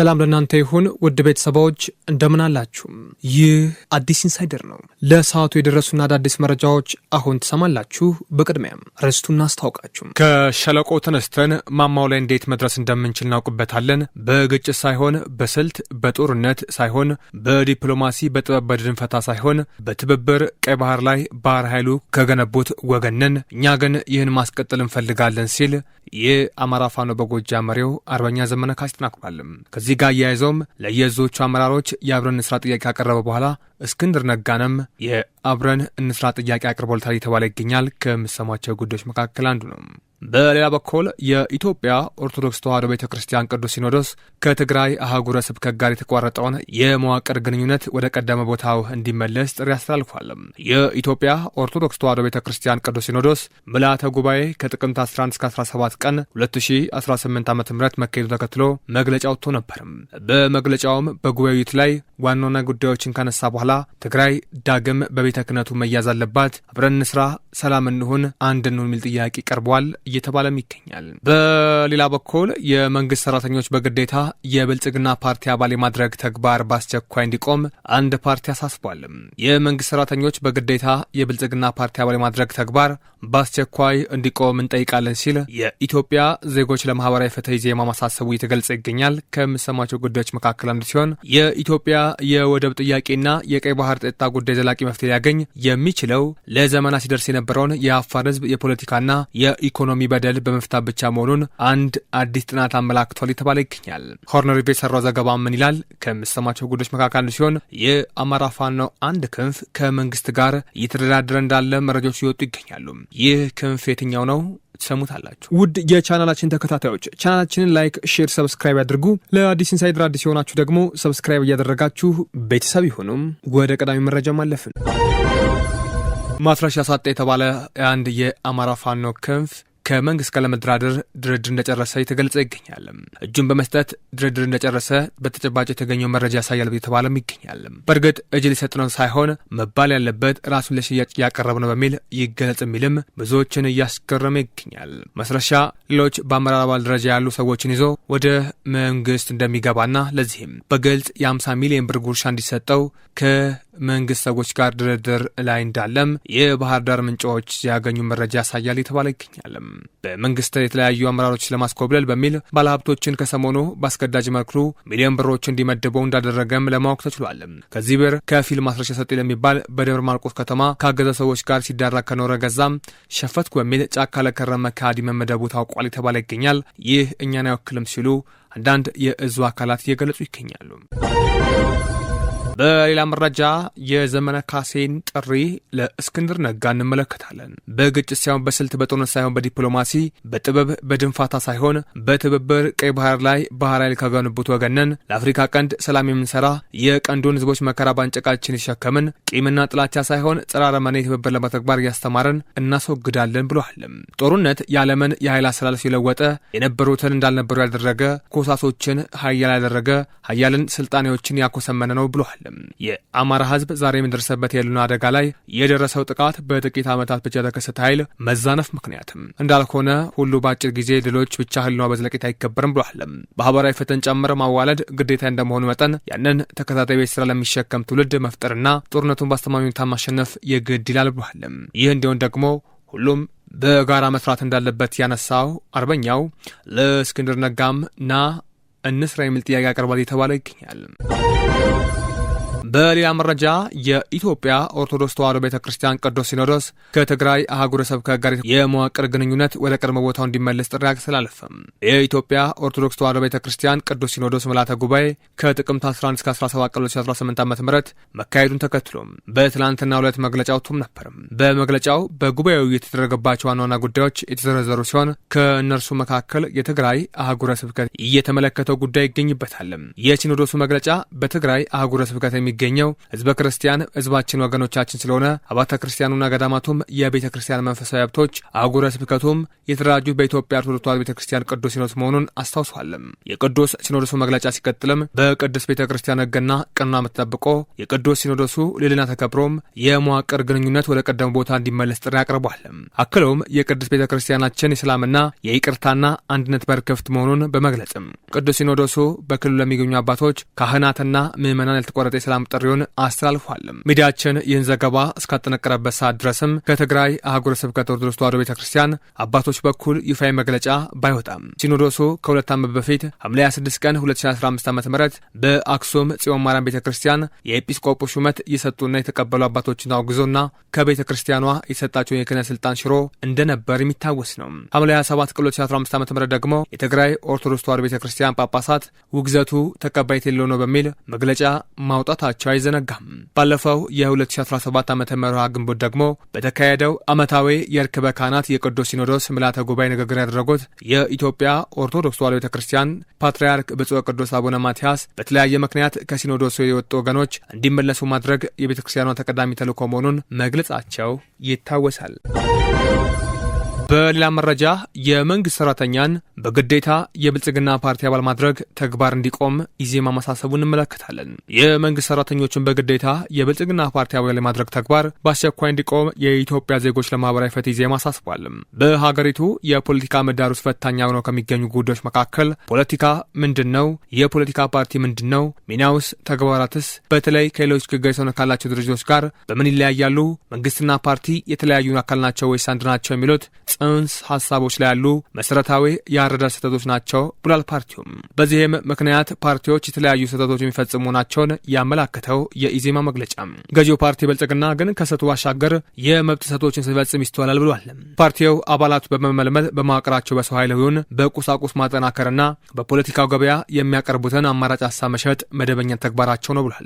ሰላም ለእናንተ ይሁን ውድ ቤተሰባዎች እንደምን ይህ አዲስ ኢንሳይደር ነው። ለሰዓቱ የደረሱና አዳዲስ መረጃዎች አሁን ትሰማላችሁ። በቅድሚያም ርዕስቱ አስታውቃችሁ ከሸለቆ ተነስተን ማማው ላይ እንዴት መድረስ እንደምንችል እናውቅበታለን። በግጭት ሳይሆን በስልት በጦርነት ሳይሆን በዲፕሎማሲ በጥበብ በድንፈታ ሳይሆን በትብብር ቀይ ባህር ላይ ባህር ኃይሉ ከገነቡት ወገንን እኛ ግን ይህን ማስቀጠል እንፈልጋለን ሲል የአማራ ፋኖ በጎጃ መሪው አርበኛ ዘመነ ካሴ ተናግሯል። ከዚህ ከዚህ ጋር አያይዘውም ለየዞቹ አመራሮች የአብረን እንስራ ጥያቄ ካቀረበ በኋላ እስክንድር ነጋንም የአብረን እንስራ ጥያቄ አቅርቦልታል የተባለ ይገኛል። ከምሰሟቸው ጉዳዮች መካከል አንዱ ነው። በሌላ በኩል የኢትዮጵያ ኦርቶዶክስ ተዋሕዶ ቤተ ክርስቲያን ቅዱስ ሲኖዶስ ከትግራይ አህጉረ ስብከት ጋር የተቋረጠውን የመዋቅር ግንኙነት ወደ ቀደመ ቦታው እንዲመለስ ጥሪ አስተላልፏል። የኢትዮጵያ ኦርቶዶክስ ተዋሕዶ ቤተ ክርስቲያን ቅዱስ ሲኖዶስ ምላተ ጉባኤ ከጥቅምት 11-17 ቀን 2018 ዓ ም መካሄዱ ተከትሎ መግለጫ ወጥቶ ነበር። በመግለጫውም በጉባኤው ላይ ዋና ዋና ጉዳዮችን ካነሳ በኋላ ትግራይ ዳግም በቤተ ክህነቱ መያዝ አለባት፣ አብረን እንስራ፣ ሰላም እንሁን፣ አንድ እንሁን የሚል ጥያቄ ቀርቧል። እየተባለም ይገኛል። በሌላ በኩል የመንግስት ሰራተኞች በግዴታ የብልጽግና ፓርቲ አባል የማድረግ ተግባር በአስቸኳይ እንዲቆም አንድ ፓርቲ አሳስቧል። የመንግስት ሰራተኞች በግዴታ የብልጽግና ፓርቲ አባል የማድረግ ተግባር በአስቸኳይ እንዲቆም እንጠይቃለን ሲል የኢትዮጵያ ዜጎች ለማህበራዊ ፍትህ ኢዜማ ማሳሰቡ እየተገለጸ ይገኛል። ከምሰማቸው ጉዳዮች መካከል አንዱ ሲሆን የኢትዮጵያ የወደብ ጥያቄና የቀይ ባህር ጸጥታ ጉዳይ ዘላቂ መፍትሄ ሊያገኝ የሚችለው ለዘመናት ሲደርስ የነበረውን የአፋር ህዝብ የፖለቲካና የኢኮኖሚ የኢኮኖሚ በደል በመፍታት ብቻ መሆኑን አንድ አዲስ ጥናት አመላክቷል የተባለ ይገኛል። ኮርነር የሰራው ዘገባ ምን ይላል? ከምሰማቸው ጉዶች መካከል ሲሆን የአማራ ፋኖ አንድ ክንፍ ከመንግስት ጋር እየተደራደረ እንዳለ መረጃዎች ሲወጡ ይገኛሉ። ይህ ክንፍ የትኛው ነው? ትሰሙታላችሁ። ውድ የቻናላችን ተከታታዮች ቻናላችንን ላይክ፣ ሼር፣ ሰብስክራይብ ያድርጉ። ለአዲስ ኢንሳይደር አዲስ የሆናችሁ ደግሞ ሰብስክራይብ እያደረጋችሁ ቤተሰብ ይሁኑም። ወደ ቀዳሚ መረጃ ማለፍን ማስረሻ ሳጣ የተባለ አንድ የአማራ ፋኖ ክንፍ ከመንግስት ጋር ለመደራደር ድርድር እንደጨረሰ የተገለጸ ይገኛል። እጁን በመስጠት ድርድር እንደጨረሰ በተጨባጭ የተገኘው መረጃ ያሳያል የተባለም ይገኛል። በእርግጥ እጅ ሊሰጥ ነው ሳይሆን መባል ያለበት ራሱን ለሽያጭ ያቀረብ ነው በሚል ይገለጽ የሚልም ብዙዎችን እያስገረመ ይገኛል። መስረሻ ሌሎች በአመራር አባል ደረጃ ያሉ ሰዎችን ይዞ ወደ መንግስት እንደሚገባና ለዚህም በግልጽ የ50 ሚሊዮን ብር ጉርሻ እንዲሰጠው ከ መንግስት ሰዎች ጋር ድርድር ላይ እንዳለም የባህር ዳር ምንጮች ያገኙ መረጃ ያሳያል የተባለ ይገኛለም። በመንግስት የተለያዩ አመራሮች ለማስኮብለል በሚል ባለሀብቶችን ከሰሞኑ በአስገዳጅ መልኩ ሚሊዮን ብሮች እንዲመድበው እንዳደረገም ለማወቅ ተችሏል። ከዚህ ብር ከፊል ማስረሻ ሰጤ ለሚባል በደብረ ማርቆስ ከተማ ካገዘ ሰዎች ጋር ሲዳራ ከኖረ ገዛም ሸፈትኩ በሚል ጫካ ለከረመ ከሃዲ መመደቡ ታውቋል የተባለ ይገኛል። ይህ እኛን አይወክልም ሲሉ አንዳንድ የእዙ አካላት እየገለጹ ይገኛሉ። በሌላ መረጃ የዘመነ ካሴን ጥሪ ለእስክንድር ነጋ እንመለከታለን። በግጭት ሳይሆን በስልት በጦርነት ሳይሆን በዲፕሎማሲ በጥበብ በድንፋታ ሳይሆን በትብብር ቀይ ባህር ላይ ባህር ኃይል ከገነቡት ወገነን ለአፍሪካ ቀንድ ሰላም የምንሰራ የቀንዱን ህዝቦች መከራ ባንጨቃችን የሸከምን ቂምና ጥላቻ ሳይሆን ጸረ አረመኔ ትብብር ለመተግበር እያስተማረን እናስወግዳለን ብለዋል። ጦርነት የዓለምን የኃይል አሰላለፍ የለወጠ የነበሩትን እንዳልነበሩ ያደረገ ኮሳሶችን ሀያል ያደረገ ሀያልን ስልጣኔዎችን ያኮሰመነ ነው ብሏል። የአማራ ህዝብ ዛሬ የደረሰበት የህልውና አደጋ ላይ የደረሰው ጥቃት በጥቂት ዓመታት ብቻ የተከሰተ ኃይል መዛነፍ ምክንያትም እንዳልሆነ ሁሉ በአጭር ጊዜ ድሎች ብቻ ህልውና በዘለቄታ አይከበርም ብሏል። ማህበራዊ ፍትህን ጨምር ማዋለድ ግዴታ እንደመሆኑ መጠን ያንን ተከታታይ ቤት ስራ ለሚሸከም ትውልድ መፍጠርና ጦርነቱን በአስተማማኝ ሁኔታ ማሸነፍ የግድ ይላል ብሏል። ይህ እንዲሆን ደግሞ ሁሉም በጋራ መስራት እንዳለበት ያነሳው አርበኛው ለእስክንድር ነጋም ና እንስራ የሚል ጥያቄ አቅርቧል የተባለ ይገኛል። በሌላ መረጃ የኢትዮጵያ ኦርቶዶክስ ተዋሕዶ ቤተ ክርስቲያን ቅዱስ ሲኖዶስ ከትግራይ አህጉረ ስብከት ጋር የመዋቅር ግንኙነት ወደ ቀድሞ ቦታው እንዲመለስ ጥሪ አስተላለፈ። የኢትዮጵያ ኦርቶዶክስ ተዋሕዶ ቤተ ክርስቲያን ቅዱስ ሲኖዶስ ምልዓተ ጉባኤ ከጥቅምት 11 እስከ 17 ቀን 2018 ዓ ም መካሄዱን ተከትሎ በትላንትና ሁለት መግለጫ ወጥቶም ነበር። በመግለጫው በጉባኤው የተደረገባቸው ዋና ዋና ጉዳዮች የተዘረዘሩ ሲሆን ከእነርሱ መካከል የትግራይ አህጉረ ስብከት እየተመለከተው ጉዳይ ይገኝበታል። የሲኖዶሱ መግለጫ በትግራይ አህጉረ ስብከት የሚገኘው ህዝበ ክርስቲያን ህዝባችን ወገኖቻችን ስለሆነ አባተ ክርስቲያኑና ገዳማቱም የቤተ ክርስቲያን መንፈሳዊ ሀብቶች፣ አህጉረ ስብከቱም የተደራጁት በኢትዮጵያ ኦርቶዶክስ ተዋሕዶ ቤተ ክርስቲያን ቅዱስ ሲኖዶስ መሆኑን አስታውሷልም። የቅዱስ ሲኖዶሱ መግለጫ ሲቀጥልም በቅዱስ ቤተ ክርስቲያን ህግና ቀኖና ተጠብቆ የቅዱስ ሲኖዶሱ ልልና ተከብሮም የመዋቅር ግንኙነት ወደ ቀደሙ ቦታ እንዲመለስ ጥሪ አቅርቧል። አክለውም የቅዱስ ቤተ ክርስቲያናችን የሰላምና የይቅርታና አንድነት በር ክፍት መሆኑን በመግለጽም ቅዱስ ሲኖዶሱ በክልሉ ለሚገኙ አባቶች ካህናትና ምዕመናን ያልተቋረጠ የሰላም ጥሪውን አስተላልፏልም። ሚዲያችን ይህን ዘገባ እስካጠነቀረበት ሰዓት ድረስም ከትግራይ አህጉረ ስብከት ኦርቶዶክስ ተዋሕዶ ቤተ ክርስቲያን አባቶች በኩል ይፋዊ መግለጫ ባይወጣም ሲኖዶሱ ከሁለት ዓመት በፊት ሐምሌ 26 ቀን 2015 ዓ ም በአክሱም ጽዮን ማርያም ቤተ ክርስቲያን የኤጲስቆጶ ሹመት የሰጡና የተቀበሉ አባቶችን አውግዞና ከቤተ ክርስቲያኗ የተሰጣቸውን የክህነት ስልጣን ሽሮ እንደነበር የሚታወስ ነው። ሐምሌ 27 ቀን 2015 ዓ ም ደግሞ የትግራይ ኦርቶዶክስ ተዋሕዶ ቤተ ክርስቲያን ጳጳሳት ውግዘቱ ተቀባይነት የሌለው ነው በሚል መግለጫ ማውጣታቸው መሆናቸው አይዘነጋም። ባለፈው የ2017 ዓ ም ግንቦት ደግሞ በተካሄደው ዓመታዊ የርክበ ካህናት የቅዱስ ሲኖዶስ ምልዓተ ጉባኤ ንግግር ያደረጉት የኢትዮጵያ ኦርቶዶክስ ተዋሕዶ ቤተ ክርስቲያን ፓትርያርክ ብፁዕ ቅዱስ አቡነ ማትያስ በተለያየ ምክንያት ከሲኖዶሱ የወጡ ወገኖች እንዲመለሱ ማድረግ የቤተ ክርስቲያኗ ተቀዳሚ ተልዕኮ መሆኑን መግለጻቸው ይታወሳል። በሌላ መረጃ የመንግስት ሰራተኛን በግዴታ የብልጽግና ፓርቲ አባል ማድረግ ተግባር እንዲቆም ኢዜማ ማሳሰቡን እንመለከታለን። የመንግስት ሰራተኞችን በግዴታ የብልጽግና ፓርቲ አባል የማድረግ ተግባር በአስቸኳይ እንዲቆም የኢትዮጵያ ዜጎች ለማህበራዊ ፍትህ ኢዜማ አሳስቧል። በሀገሪቱ የፖለቲካ ምህዳር ውስጥ ፈታኝ ሆነው ከሚገኙ ጉዳዮች መካከል ፖለቲካ ምንድን ነው? የፖለቲካ ፓርቲ ምንድን ነው? ሚናውስ? ተግባራትስ? በተለይ ከሌሎች ግጋይ ሰውነት ካላቸው ድርጅቶች ጋር በምን ይለያያሉ? መንግስትና ፓርቲ የተለያዩ አካል ናቸው ወይስ አንድ ናቸው? የሚሉት ጽንስ ሀሳቦች ላይ ያሉ መሰረታዊ የአረዳድ ስህተቶች ናቸው ብሏል። ፓርቲውም በዚህም ምክንያት ፓርቲዎች የተለያዩ ስህተቶች የሚፈጽሙ ናቸውን ያመላከተው የኢዜማ መግለጫ ገዢው ፓርቲ ብልጽግና ግን ከስህተቱ ባሻገር የመብት ስህተቶችን ሲፈጽም ይስተዋላል ብሏል። ፓርቲው አባላቱ በመመልመል በማዋቅራቸው በሰው ኃይል ይሁን በቁሳቁስ ማጠናከርና በፖለቲካው ገበያ የሚያቀርቡትን አማራጭ ሀሳብ መሸጥ መደበኛ ተግባራቸው ነው ብሏል።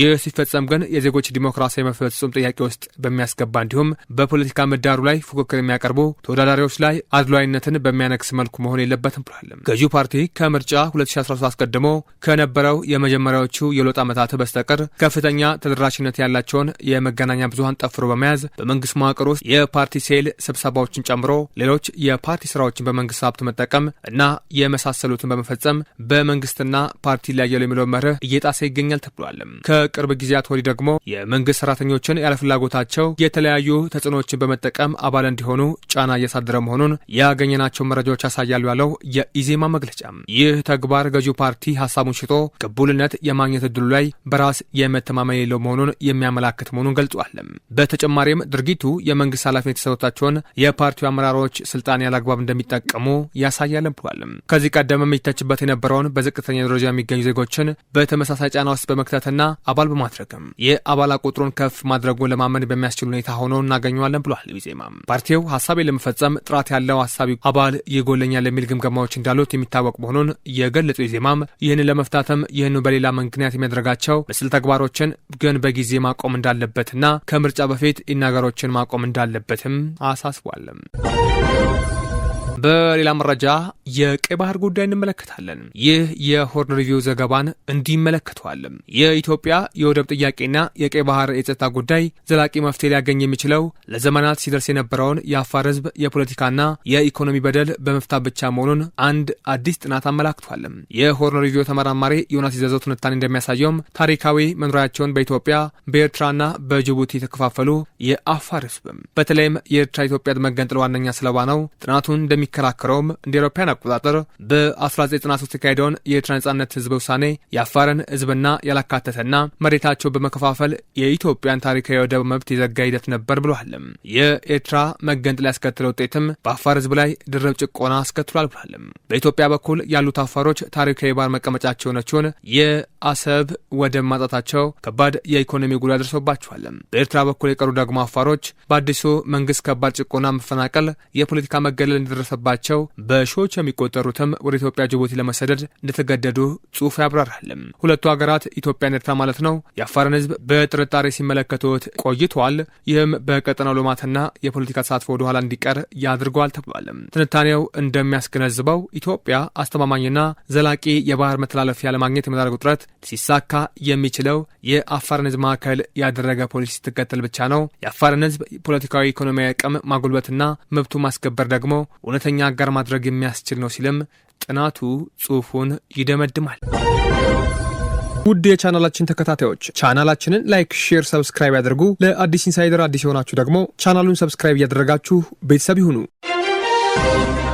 ይህ ሲፈጸም ግን የዜጎች ዲሞክራሲያዊ መፍትሄ ጥያቄ ውስጥ በሚያስገባ እንዲሁም በፖለቲካ ምህዳሩ ላይ ፉክክር የሚያቀርቡ ተወዳዳሪዎች ላይ አድሏዊነትን በሚያነክስ መልኩ መሆን የለበትም ብሏል። ገዢው ፓርቲ ከምርጫ 2013 አስቀድሞ ከነበረው የመጀመሪያዎቹ የለውጥ ዓመታት በስተቀር ከፍተኛ ተደራሽነት ያላቸውን የመገናኛ ብዙሀን ጠፍሮ በመያዝ በመንግስት መዋቅር ውስጥ የፓርቲ ሴል ስብሰባዎችን ጨምሮ ሌሎች የፓርቲ ስራዎችን በመንግስት ሀብት መጠቀም እና የመሳሰሉትን በመፈጸም በመንግስትና ፓርቲ ይለያያሉ የሚለው መርህ እየጣሰ ይገኛል ተብሏል። ከቅርብ ጊዜያት ወዲህ ደግሞ የመንግስት ሰራተኞችን ያለፍላጎታቸው የተለያዩ ተጽዕኖዎችን በመጠቀም አባል እንዲሆኑ ጫና እያሳደረ መሆኑን ያገኘናቸው መረጃዎች ያሳያሉ ያለው የኢዜማ መግለጫ ይህ ተግባር ገዢው ፓርቲ ሀሳቡን ሽጦ ቅቡልነት የማግኘት እድሉ ላይ በራስ የመተማመን የሌለው መሆኑን የሚያመላክት መሆኑን ገልጿል። በተጨማሪም ድርጊቱ የመንግስት ኃላፊነት የተሰጣቸውን የፓርቲው አመራሮች ስልጣን ያለአግባብ እንደሚጠቀሙ ያሳያል ብሏል። ከዚህ ቀደም የሚተችበት የነበረውን በዝቅተኛ ደረጃ የሚገኙ ዜጎችን በተመሳሳይ ጫና ውስጥ በመክተትና አባል በማድረግም የአባላ ቁጥሩን ከፍ ማድረጉን ለማመን በሚያስችል ሁኔታ ሆኖ እናገኘዋለን ብሏል። ዜማ ፓርቲው ሀሳቤ ለመፈጸም ለመፈጸም ጥራት ያለው አሳቢ አባል ይጎለኛል የሚል ግምገማዎች እንዳሉት የሚታወቅ መሆኑን የገለጹ ኢዜማም ይህን ለመፍታትም ይህኑ በሌላ ምክንያት የሚያደርጋቸው ምስል ተግባሮችን ግን በጊዜ ማቆም እንዳለበትና ከምርጫ በፊት ኢናገሮችን ማቆም እንዳለበትም አሳስቧለም። በሌላ መረጃ የቀይ ባህር ጉዳይ እንመለከታለን። ይህ የሆርን ሪቪው ዘገባን እንዲመለከተዋል። የኢትዮጵያ የወደብ ጥያቄና የቀይ ባህር የጸጥታ ጉዳይ ዘላቂ መፍትሄ ሊያገኝ የሚችለው ለዘመናት ሲደርስ የነበረውን የአፋር ህዝብ የፖለቲካና የኢኮኖሚ በደል በመፍታት ብቻ መሆኑን አንድ አዲስ ጥናት አመላክቷል። የሆርን ሪቪው ተመራማሪ ዮናስ ይዘዘው ትንታኔ እንደሚያሳየውም ታሪካዊ መኖሪያቸውን በኢትዮጵያ በኤርትራና በጅቡቲ የተከፋፈሉ የአፋር ሕዝብ በተለይም የኤርትራ ኢትዮጵያ መገንጠል ዋነኛ ሰለባ ነው። ጥናቱን እንደሚከራከረውም እንደ አውሮፓውያን አቆጣጠር በ1993 የካሄደውን የኤርትራ ነጻነት ህዝበ ውሳኔ የአፋርን ህዝብና ያላካተተና መሬታቸው በመከፋፈል የኢትዮጵያን ታሪካዊ ወደብ መብት የዘጋ ሂደት ነበር ብሏል። የኤርትራ መገንጠል ያስከተለ ውጤትም በአፋር ህዝብ ላይ ድርብ ጭቆና አስከትሏል ብሏል። በኢትዮጵያ በኩል ያሉት አፋሮች ታሪካዊ ባር መቀመጫቸው የሆነችውን አሰብ ወደብ ማጣታቸው ከባድ የኢኮኖሚ ጉዳት ደርሶባቸዋል። በኤርትራ በኩል የቀሩ ደግሞ አፋሮች በአዲሱ መንግስት ከባድ ጭቆና፣ መፈናቀል፣ የፖለቲካ መገለል እንደደረሰባቸው በሺዎች የሚቆጠሩትም ወደ ኢትዮጵያ ጅቡቲ ለመሰደድ እንደተገደዱ ጽሑፍ ያብራራል። ሁለቱ ሀገራት ኢትዮጵያን፣ ኤርትራ ማለት ነው የአፋርን ህዝብ በጥርጣሬ ሲመለከቱት ቆይተዋል። ይህም በቀጠናው ልማትና የፖለቲካ ተሳትፎ ወደኋላ እንዲቀር ያድርገዋል ተብሏል። ትንታኔው እንደሚያስገነዝበው ኢትዮጵያ አስተማማኝና ዘላቂ የባህር መተላለፊያ ለማግኘት የምታደርገው ጥረት ሲሳካ የሚችለው የአፋርን ህዝብ ማዕከል ያደረገ ፖሊሲ ስትከተል ብቻ ነው። የአፋርን ህዝብ ፖለቲካዊ፣ ኢኮኖሚያዊ አቅም ማጉልበትና መብቱ ማስከበር ደግሞ እውነተኛ አጋር ማድረግ የሚያስችል ነው ሲልም ጥናቱ ጽሑፉን ይደመድማል። ውድ የቻናላችን ተከታታዮች ቻናላችንን ላይክ፣ ሼር፣ ሰብስክራይብ ያደርጉ። ለአዲስ ኢንሳይደር አዲስ የሆናችሁ ደግሞ ቻናሉን ሰብስክራይብ እያደረጋችሁ ቤተሰብ ይሁኑ።